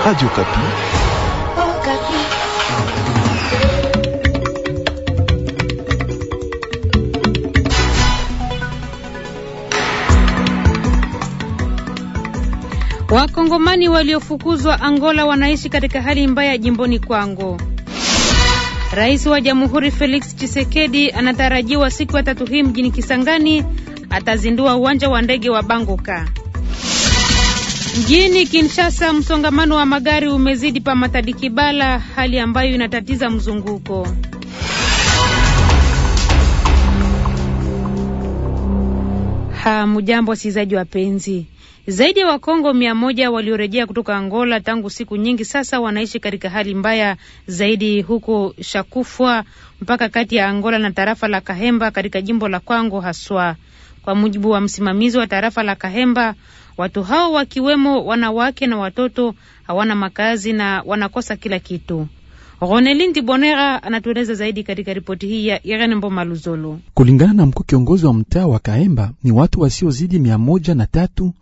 Radio Kapi. Oh, Kapi. Wakongomani waliofukuzwa Angola wanaishi katika hali mbaya jimboni Kwango. Rais wa Jamhuri Felix Tshisekedi anatarajiwa siku ya tatu hii mjini Kisangani atazindua uwanja wa ndege wa Bangoka. Mjini Kinshasa, msongamano wa magari umezidi pa Matadi Kibala, hali ambayo inatatiza mzunguko. Hamujambo wasikilizaji wapenzi. Zaidi ya wa Wakongo mia moja waliorejea kutoka Angola tangu siku nyingi sasa wanaishi katika hali mbaya zaidi huko Shakufwa, mpaka kati ya Angola na tarafa la Kahemba katika jimbo la Kwango haswa. Kwa mujibu wa msimamizi wa tarafa la Kahemba, watu hao wakiwemo wanawake na watoto hawana makazi na wanakosa kila kitu. Ronelindi Bonera anatueleza zaidi katika ripoti hii ya Irene Mbomaluzolo. Kulingana na mkuu kiongozi wa mtaa wa Kaemba, ni watu wasiozidi mia moja na tatu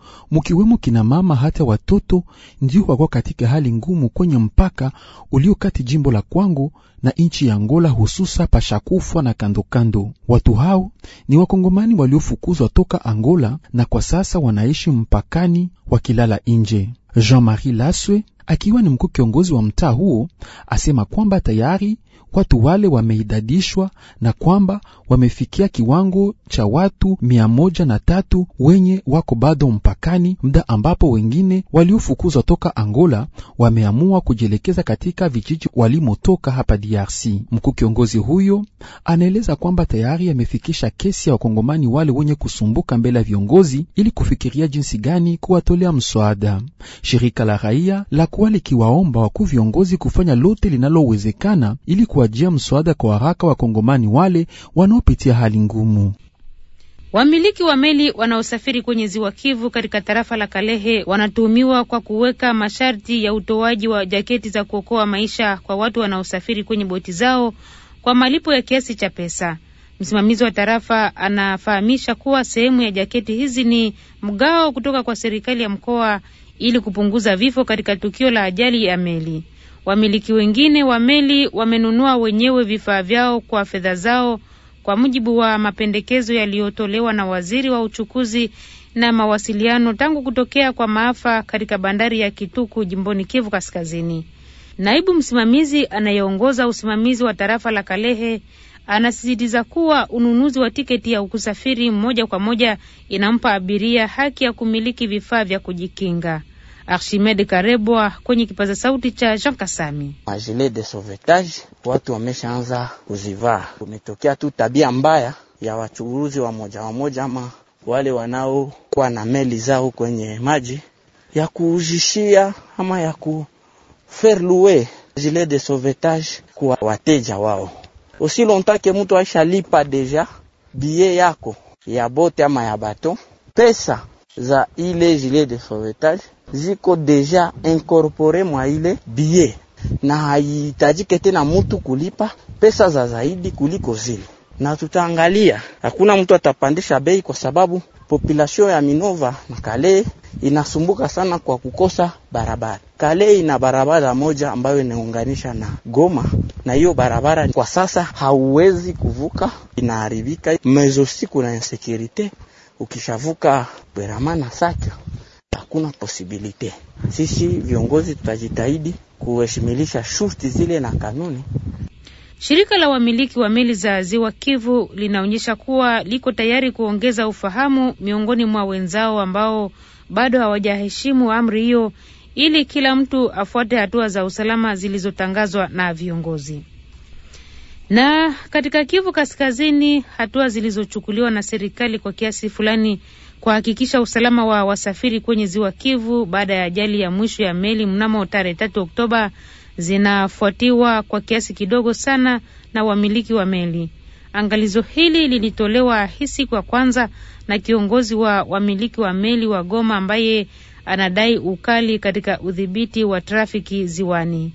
kina mama hata watoto ndio wako katika hali ngumu kwenye mpaka ulio kati jimbo la Kwangu na nchi ya Angola, hususa Pashakufwa na kandokando. Watu hao ni wakongomani waliofukuzwa toka Angola na kwa sasa wanaishi mpakani wakilala nje. Jean-Marie Laswe akiwa ni mkuu kiongozi wa mtaa huo, asema kwamba tayari watu wale wameidadishwa na kwamba wamefikia kiwango cha watu mia moja na tatu wenye wako bado mpakani, muda ambapo wengine waliofukuzwa toka Angola wameamua kujielekeza katika vijiji walimotoka hapa DRC. Mkuu kiongozi huyo anaeleza kwamba tayari amefikisha kesi ya wakongomani wale wenye kusumbuka mbele ya viongozi ili kufikiria jinsi gani kuwatolea mswada. Shirika la raia la kuwa likiwaomba wakuu viongozi kufanya lote linalowezekana ili kuwajia mswada kwa haraka wakongomani wale wanaopitia hali ngumu. Wamiliki wa meli wanaosafiri kwenye ziwa Kivu katika tarafa la Kalehe wanatuhumiwa kwa kuweka masharti ya utoaji wa jaketi za kuokoa maisha kwa watu wanaosafiri kwenye boti zao kwa malipo ya kiasi cha pesa. Msimamizi wa tarafa anafahamisha kuwa sehemu ya jaketi hizi ni mgao kutoka kwa serikali ya mkoa ili kupunguza vifo katika tukio la ajali ya meli. Wamiliki wengine wa meli wamenunua wenyewe vifaa vyao kwa fedha zao, kwa mujibu wa mapendekezo yaliyotolewa na waziri wa uchukuzi na mawasiliano tangu kutokea kwa maafa katika bandari ya Kituku jimboni Kivu Kaskazini. Naibu msimamizi anayeongoza usimamizi wa tarafa la Kalehe anasisitiza kuwa ununuzi wa tiketi ya kusafiri moja kwa moja inampa abiria haki ya kumiliki vifaa vya kujikinga. Archimede Karebwa kwenye kipaza sauti cha Jean Kasami. Majile de sauvetage watu wameshaanza kuzivaa, kumetokea tu tabia mbaya ya wachuruzi wamoja wamoja ama wale wanaokuwa na meli zao kwenye maji ya kuujishia ama ya kuferlue gilet de sauvetage kwa wateja wao. Aussi longtemps que mtu aishalipa deja bie yako ya bote ama ya bato, pesa za ile gilet de sauvetage ziko deja incorpore mwa ile bie, na haitajike tena mutu kulipa pesa za zaidi kuliko zile, na tutaangalia hakuna mtu atapandisha bei, kwa sababu population ya Minova na Kale inasumbuka sana kwa kukosa barabara. Kale ina barabara moja ambayo inaunganisha na Goma, na hiyo barabara kwa sasa hauwezi kuvuka, inaharibika mezo siku na insekurite ukishavuka bweramana na Sake hakuna posibilite. Sisi viongozi tutajitahidi kuheshimilisha shurti zile na kanuni. Shirika la wamiliki wa meli za ziwa Kivu linaonyesha kuwa liko tayari kuongeza ufahamu miongoni mwa wenzao ambao bado hawajaheshimu amri hiyo, ili kila mtu afuate hatua za usalama zilizotangazwa na viongozi. Na katika Kivu Kaskazini, hatua zilizochukuliwa na serikali kwa kiasi fulani kuhakikisha usalama wa wasafiri kwenye ziwa Kivu baada ya ajali ya mwisho ya meli mnamo tarehe tatu Oktoba zinafuatiwa kwa kiasi kidogo sana na wamiliki wa meli. Angalizo hili lilitolewa hii siku ya kwanza na kiongozi wa wamiliki wa meli wa Goma ambaye anadai ukali katika udhibiti wa trafiki ziwani.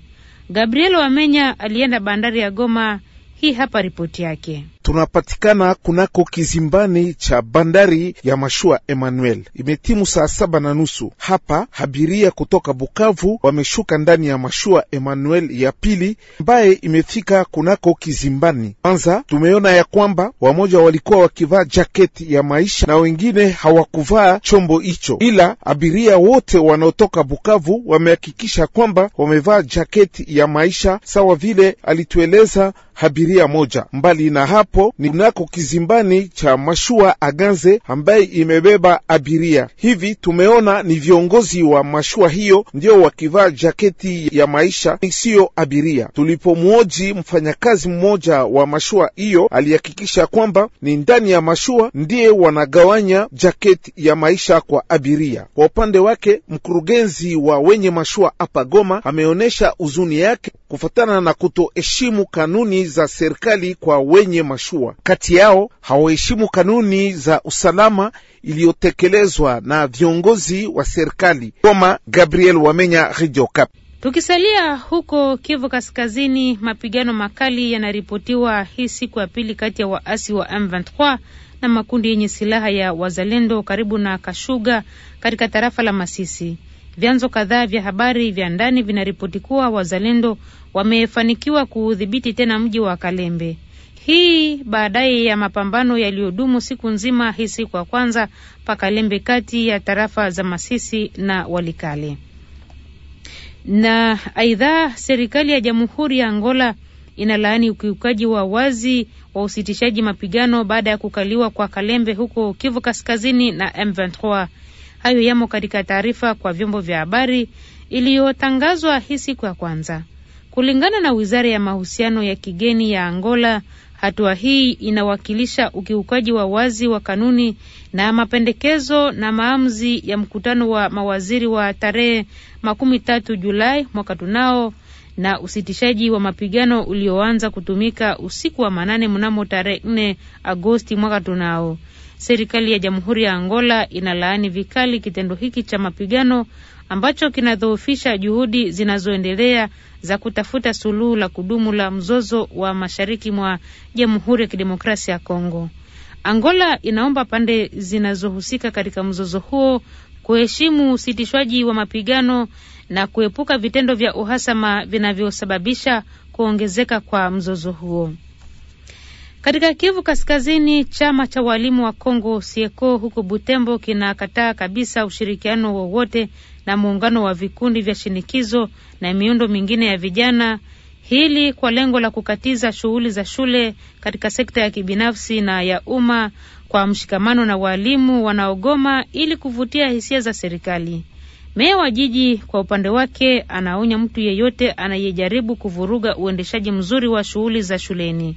Gabriel Wamenya alienda bandari ya Goma hii hapa ripoti yake. Tunapatikana kunako kizimbani cha bandari ya mashua Emmanuel. Imetimu saa saba na nusu hapa. Abiria kutoka Bukavu wameshuka ndani ya mashua Emmanuel ya pili ambaye imefika kunako kizimbani. Kwanza tumeona ya kwamba wamoja walikuwa wakivaa jaketi ya maisha na wengine hawakuvaa chombo hicho, ila abiria wote wanaotoka Bukavu wamehakikisha kwamba wamevaa jaketi ya maisha sawa vile alitueleza abiria moja. Mbali na hapo, nako kizimbani cha mashua Aganze ambaye imebeba abiria hivi. Tumeona ni viongozi wa mashua hiyo ndio wakivaa jaketi ya maisha, isiyo abiria. Tulipomwoji mfanyakazi mmoja wa mashua hiyo, alihakikisha kwamba ni ndani ya mashua ndiye wanagawanya jaketi ya maisha kwa abiria. Kwa upande wake, mkurugenzi wa wenye mashua hapa Goma ameonyesha huzuni yake kufuatana na kutoheshimu kanuni za serikali kwa wenye mashua. Kati yao hawaheshimu kanuni za usalama iliyotekelezwa na viongozi wa serikali. Goma, Gabriel Wamenya, Radio Okapi. Tukisalia huko Kivu Kaskazini, mapigano makali yanaripotiwa hii siku ya pili kati ya waasi wa M23 na makundi yenye silaha ya wazalendo karibu na Kashuga katika tarafa la Masisi. Vyanzo kadhaa vya habari vya ndani vinaripoti kuwa wazalendo wamefanikiwa kuudhibiti tena mji wa Kalembe. Hii baadaye ya mapambano yaliyodumu siku nzima hii siku ya kwanza kalembe kati ya tarafa za Masisi na Walikale. Na aidha, serikali ya Jamhuri ya Angola inalaani ukiukaji wa wazi wa usitishaji mapigano baada ya kukaliwa kwa Kalembe huko Kivu Kaskazini na M23. Hayo yamo katika taarifa kwa vyombo vya habari iliyotangazwa hii siku ya kwanza. Kulingana na wizara ya mahusiano ya kigeni ya Angola, hatua hii inawakilisha ukiukaji wa wazi wa kanuni na mapendekezo na maamuzi ya mkutano wa mawaziri wa tarehe makumi tatu Julai mwaka tunao na usitishaji wa mapigano ulioanza kutumika usiku wa manane mnamo tarehe 4 Agosti mwaka tunao. Serikali ya Jamhuri ya Angola inalaani vikali kitendo hiki cha mapigano ambacho kinadhoofisha juhudi zinazoendelea za kutafuta suluhu la kudumu la mzozo wa mashariki mwa Jamhuri ya Kidemokrasia ya Kongo. Angola inaomba pande zinazohusika katika mzozo huo kuheshimu usitishwaji wa mapigano na kuepuka vitendo vya uhasama vinavyosababisha kuongezeka kwa mzozo huo. Katika Kivu Kaskazini, chama cha walimu wa Kongo Sieko huko Butembo kinakataa kabisa ushirikiano wowote na muungano wa vikundi vya shinikizo na miundo mingine ya vijana, hili kwa lengo la kukatiza shughuli za shule katika sekta ya kibinafsi na ya umma kwa mshikamano na walimu wanaogoma ili kuvutia hisia za serikali. Meya wa jiji kwa upande wake anaonya mtu yeyote anayejaribu kuvuruga uendeshaji mzuri wa shughuli za shuleni.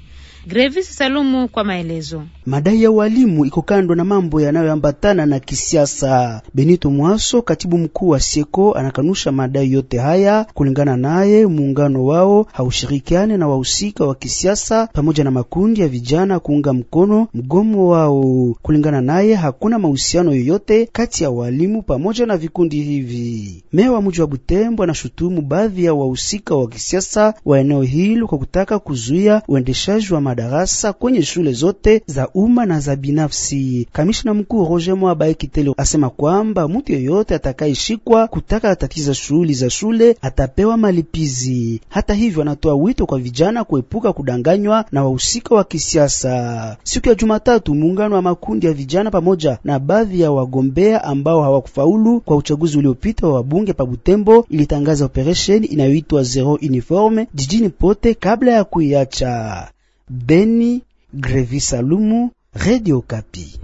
Grevis Salumu kwa maelezo. Madai ya walimu iko kando na mambo yanayoambatana na kisiasa. Benito Mwaso, katibu mkuu wa Seko, anakanusha madai yote haya. Kulingana naye, muungano wao haushirikiane na wahusika wa kisiasa pamoja na makundi ya vijana kuunga mkono mgomo wao. Kulingana naye, hakuna mahusiano yoyote kati ya walimu pamoja na vikundi hivi. Meya wa mji wa Butembo anashutumu baadhi ya wahusika wa kisiasa wa eneo hilo kwa kutaka kuzuia uendeshaji wa madarasa kwenye shule zote za umma na za binafsi. Kamishna mkuu Roger Mwabaye Kitelo asema kwamba mtu yeyote atakayeshikwa kutaka tatiza shughuli za shule atapewa malipizi. Hata hivyo, anatoa wito kwa vijana kuepuka kudanganywa na wahusika wa kisiasa. Siku ya Jumatatu, muungano wa makundi ya vijana pamoja na baadhi ya wagombea ambao hawakufaulu kwa uchaguzi uliopita wa wabunge pa Butembo ilitangaza operesheni inayoitwa Zero Uniforme jijini pote kabla ya kuiacha Beni. Grevi Salumu, Radio Kapi.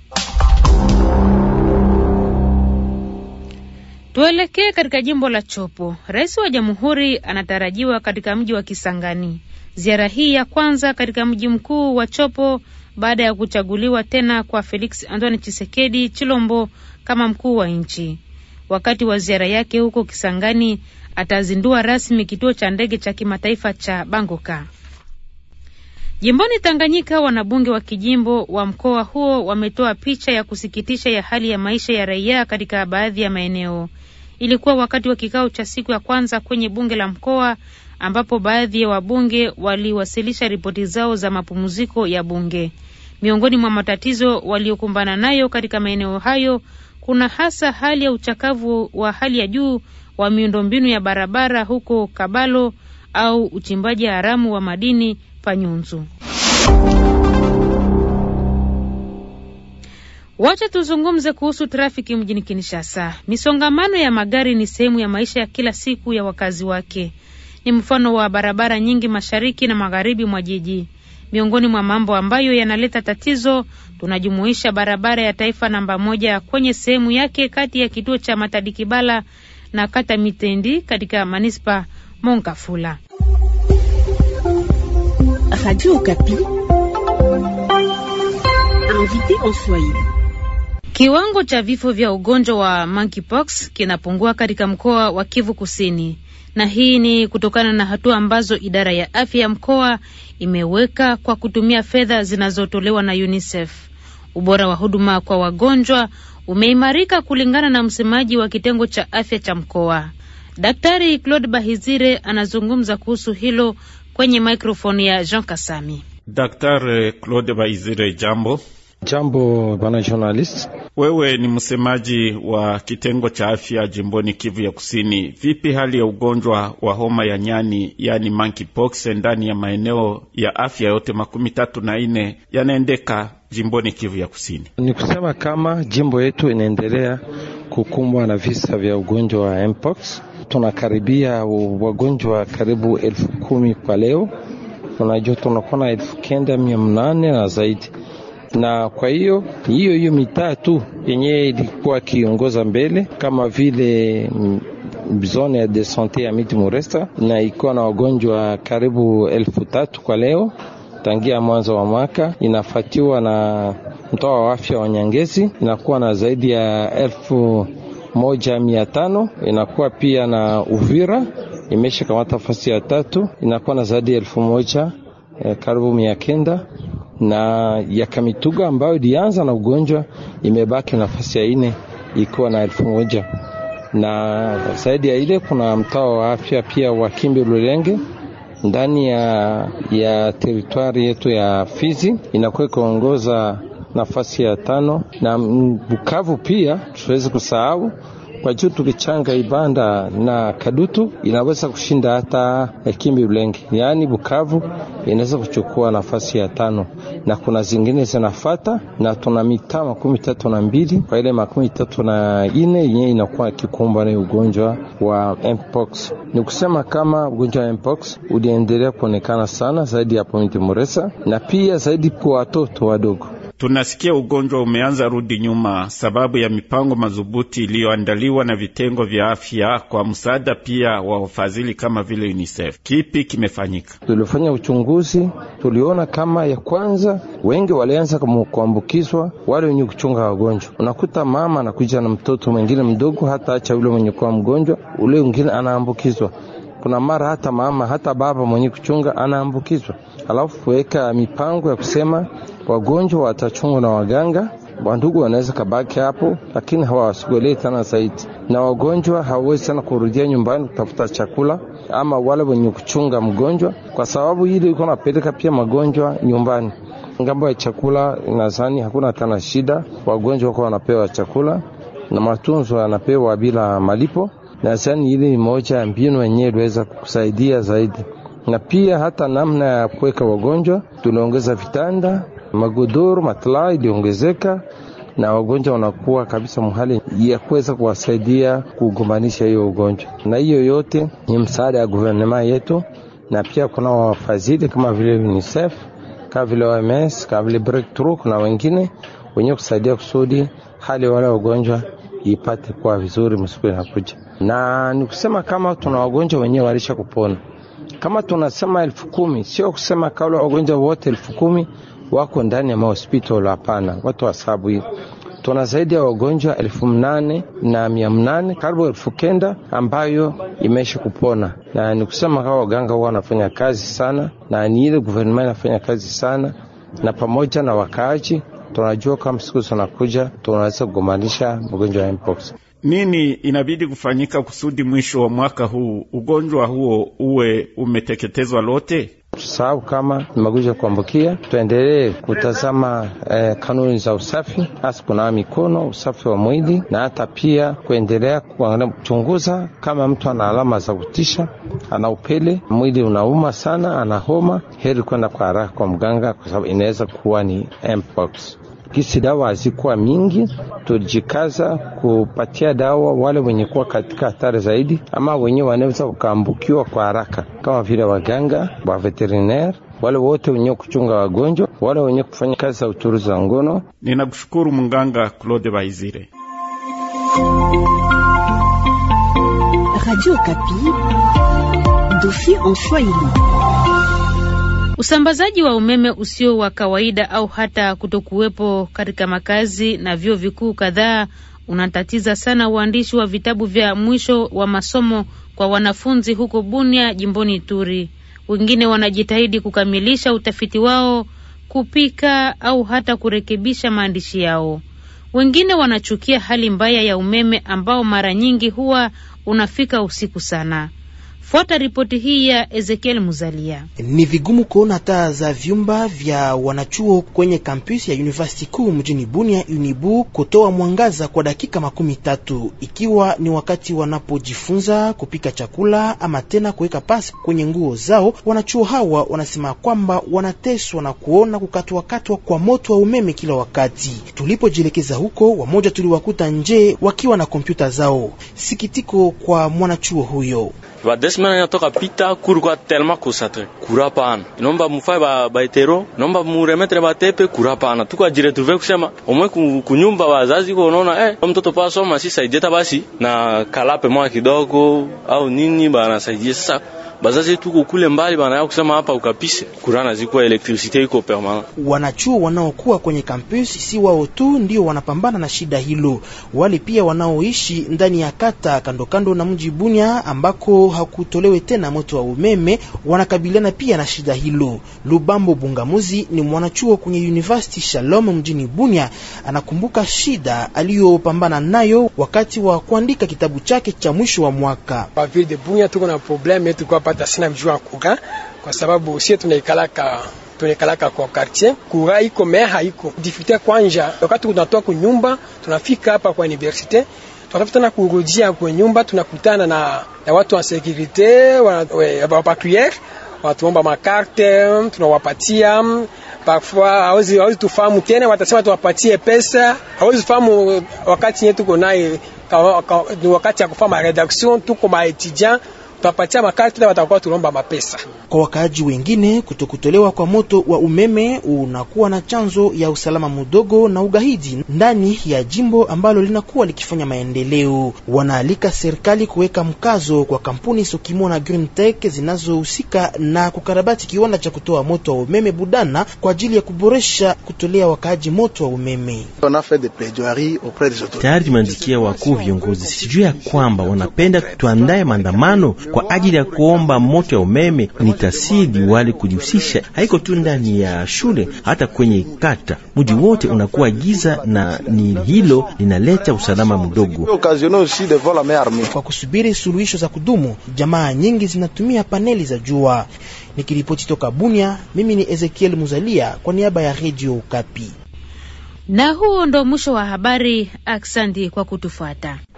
Tuelekee katika jimbo la Chopo. Rais wa jamhuri anatarajiwa katika mji wa Kisangani. Ziara hii ya kwanza katika mji mkuu wa Chopo baada ya kuchaguliwa tena kwa Felix Antoine Chisekedi Chilombo kama mkuu wa nchi. Wakati wa ziara yake huko Kisangani, atazindua rasmi kituo cha ndege cha kimataifa cha Bangoka. Jimboni Tanganyika, wanabunge wa kijimbo wa mkoa huo wametoa picha ya kusikitisha ya hali ya maisha ya raia katika baadhi ya maeneo. Ilikuwa wakati wa kikao cha siku ya kwanza kwenye bunge la mkoa ambapo baadhi ya wabunge waliwasilisha ripoti zao za mapumziko ya bunge. Miongoni mwa matatizo waliokumbana nayo katika maeneo hayo kuna hasa hali ya uchakavu wa hali ya juu wa miundombinu ya barabara huko Kabalo au uchimbaji haramu wa madini Panyunzu. Wacha tuzungumze kuhusu trafiki mjini Kinshasa. Misongamano ya magari ni sehemu ya maisha ya kila siku ya wakazi wake. Ni mfano wa barabara nyingi mashariki na magharibi mwa jiji. Miongoni mwa mambo ambayo yanaleta tatizo, tunajumuisha barabara ya taifa namba moja kwenye sehemu yake kati ya kituo cha Matadikibala na kata Mitendi katika manispa Monkafula. Radio Kiwango cha vifo vya ugonjwa wa monkeypox kinapungua katika mkoa wa Kivu Kusini, na hii ni kutokana na hatua ambazo idara ya afya ya mkoa imeweka kwa kutumia fedha zinazotolewa na UNICEF. Ubora wa huduma kwa wagonjwa umeimarika kulingana na msemaji wa kitengo cha afya cha mkoa. Daktari Claude Bahizire anazungumza kuhusu hilo kwenye mikrofoni ya Jean Kasami. Daktari Claude Bahizire, jambo. Jambo bwana journalist. Wewe ni msemaji wa kitengo cha afya jimboni Kivu ya Kusini. Vipi hali ya ugonjwa wa homa ya nyani, yani monkeypox, ndani ya maeneo ya afya yote makumi tatu na nne yanaendeka jimboni Kivu ya Kusini? Ni kusema kama jimbo yetu inaendelea kukumbwa na visa vya ugonjwa wa mpox tunakaribia wagonjwa karibu elfu kumi kwa leo. Unajua tunakuwa na elfu kenda mia mnane na zaidi, na kwa hiyo hiyo hiyo mitaa tu yenyewe ilikuwa akiongoza mbele kama vile zone ya de sante ya miti Muresta na ikiwa na wagonjwa karibu elfu tatu kwa leo tangia mwanzo wa mwaka, inafatiwa na mtoa wa afya wa Nyangezi inakuwa na zaidi ya elfu moja mia tano inakuwa pia na Uvira imesha kamata nafasi ya tatu, inakuwa na zaidi ya elfu moja eh, karibu mia kenda na ya Kamituga ambayo ilianza na ugonjwa imebaki nafasi ya ine ikiwa na elfu moja na zaidi ya ile. Kuna mtaa wa afya pia wa Kimbi Lulenge ndani ya, ya teritwari yetu ya Fizi inakuwa ikiongoza nafasi ya tano, na Bukavu pia tuweze kusahau kwa juu tukichanga Ibanda na Kadutu inaweza kushinda hata Kimbi Ulenge, yaani Bukavu inaweza kuchukua nafasi ya tano na kuna zingine zinafata, na tuna mitaa makumi tatu na mbili kwa ile makumi tatu na ine yenyewe inakuwa kikumbwa na ugonjwa wa mpox. Ni kusema kama ugonjwa wa mpox uliendelea kuonekana sana zaidi ya pointi Moresa na pia zaidi kwa watoto wadogo Tunasikia ugonjwa umeanza rudi nyuma sababu ya mipango madhubuti iliyoandaliwa na vitengo vya afya kwa msaada pia wa wafadhili kama vile UNICEF. Kipi kimefanyika? Tulifanya uchunguzi, tuliona kama ya kwanza wengi walianza kuambukizwa wale wenye kuchunga wagonjwa. Unakuta mama anakuja na mtoto mwingine mdogo, hata acha yule mwenye kuwa mgonjwa, ule mwingine anaambukizwa kuna mara hata mama hata baba mwenye kuchunga anaambukizwa. Alafu kuweka mipango ya kusema wagonjwa watachungwa na waganga wandugu wanaweza kabaki hapo, lakini hawawasogolei tena zaidi, na wagonjwa hawawezi sana kurudia nyumbani kutafuta chakula, ama wale wenye kuchunga mgonjwa, kwa sababu hili iko napeleka pia magonjwa nyumbani. Ngambo ya chakula, nadhani hakuna tena shida, wagonjwa wako wanapewa chakula na matunzo yanapewa bila malipo. Nadhani hili ni moja ya mbinu yenyewe iliweza kusaidia zaidi, na pia hata namna ya kuweka wagonjwa, tuliongeza vitanda, magodoro, matlaa iliongezeka na wagonjwa wanakuwa kabisa mhali ya kuweza kuwasaidia kugombanisha hiyo ugonjwa, na hiyo yote ni msaada ya guvernema yetu, na pia kuna wafadhili kama vile UNICEF kama vile OMS kama vile Breakthrough, na wengine wenyewe kusaidia kusudi hali wale wagonjwa ipate kuwa vizuri msiku inakuja. Na ni kusema kama tuna wagonjwa wenyewe walisha kupona, kama tunasema elfu kumi sio kusema kaula wagonjwa wote elfu kumi wako ndani ya mahospitali. Hapana, watu wa wasabu hiyo tuna zaidi ya wagonjwa elfu mnane na mia mnane karibu elfu kenda ambayo imeisha kupona, na ni kusema kawa waganga huwa wanafanya kazi sana, na ni ile guvernema inafanya kazi sana, na pamoja na wakaaji tunajua kama siku zinakuja tunaweza kugombanisha mgonjwa wa mpox. Nini inabidi kufanyika kusudi mwisho wa mwaka huu ugonjwa huo uwe umeteketezwa lote? Tusahau kama ni magonjwa kuambukia, tuendelee kutazama eh, kanuni za usafi, hasa kunawa mikono, usafi wa mwili, na hata pia kuendelea kuchunguza kama mtu ana alama za kutisha, ana upele, mwili unauma sana, ana homa, heri kwenda kwa haraka kwa mganga, kwa sababu inaweza kuwa ni mpox. Kisi dawa hazikuwa mingi, tulijikaza kupatia dawa wale wenye kuwa katika hatari zaidi, ama wenye wanaweza wakaambukiwa kwa haraka, kama vile waganga wa veterinaire wale wote wenye kuchunga wagonjwa, wale wenye kufanya kazi za uchuruzi wa ngono. Ninakushukuru Munganga Claude Baizire. Radio Kapi, en Swahili. Usambazaji wa umeme usio wa kawaida au hata kutokuwepo katika makazi na vyuo vikuu kadhaa unatatiza sana uandishi wa vitabu vya mwisho wa masomo kwa wanafunzi huko Bunia jimboni Turi. Wengine wanajitahidi kukamilisha utafiti wao, kupika au hata kurekebisha maandishi yao. Wengine wanachukia hali mbaya ya umeme ambao mara nyingi huwa unafika usiku sana. Fuata ripoti hii ya Ezekiel Muzalia. Ni vigumu kuona taa za vyumba vya wanachuo kwenye kampus ya University Kuu mjini Bunia Unibu kutoa mwangaza kwa dakika makumi tatu ikiwa ni wakati wanapojifunza kupika chakula ama tena kuweka pasi kwenye nguo zao. Wanachuo hawa wanasema kwamba wanateswa na kuona kukatwakatwa kwa moto wa umeme kila wakati. Tulipojielekeza huko, wamoja tuliwakuta nje wakiwa na kompyuta zao. Sikitiko kwa mwanachuo huyo vadhesimana inatoka pita kurukwa telema kusatre kura pana inomba mufai ba bahetero inomba muremetre batepe kura pana tukajiretruve kusema omwe kunyumba wazazi ko oh, eh, mtoto pasoma si saideta basi na kalape mwa kidogo au nini banasaidia sasa bazazi tuko kule mbali, banaya kusema hapa ukapise kurana zikuwa elektrisite iko permanent. Wanachuo wanaokuwa kwenye kampus si wao tu ndio wanapambana na shida hilo, wale pia wanaoishi ndani ya kata kandokando na mji Bunya ambako hakutolewe tena moto wa umeme wanakabiliana pia na shida hilo. Lubambo Bungamuzi ni mwanachuo kwenye University Shalom mjini Bunya, anakumbuka shida aliyopambana nayo wakati wa kuandika kitabu chake cha mwisho wa mwaka. Kwa vile Bunya tuko na problem yetu kwa kupata sina mjua kura, kwa sababu sie tunaikalaka tunaikalaka kwa quartier, kura iko mea haiko difikulte. Kwanja wakati tunatoa kwa nyumba tunafika hapa kwa universite tunataka kurudia kwa nyumba, tunakutana na, na watu wa securite wapatuyere wanatuomba makarte tunawapatia parfois hawezi hawezi tufahamu tena, watasema tuwapatie pesa, hawezi fahamu wakati yetu tuko naye, wakati ya kufanya redaction tuko maetudiant tutapatia makati na watakuwa tunaomba mapesa. Kwa wakaaji wengine, kutokutolewa kwa moto wa umeme unakuwa na chanzo ya usalama mdogo na ugaidi ndani ya jimbo ambalo linakuwa likifanya maendeleo. Wanaalika serikali kuweka mkazo kwa kampuni Sokimo na Green Tech zinazohusika na kukarabati kiwanda cha kutoa moto wa umeme Budana kwa ajili ya kuboresha kutolea wakaaji moto wa umeme. Tayari tumeandikia wakuu viongozi, sijui ya kwamba wanapenda tuandaye maandamano kwa ajili ya kuomba moto ya umeme, tasidi wale kujihusisha. Haiko tu ndani ya shule, hata kwenye kata, mji wote unakuwa giza, na ni hilo linaleta usalama mdogo. Kwa kusubiri suluhisho za kudumu, jamaa nyingi zinatumia paneli za jua. Nikiripoti toka Bunia, mimi ni Ezekiel Muzalia kwa niaba ya Redio ukapi Na huo ndo mwisho wa habari. Aksandi kwa kutufuata.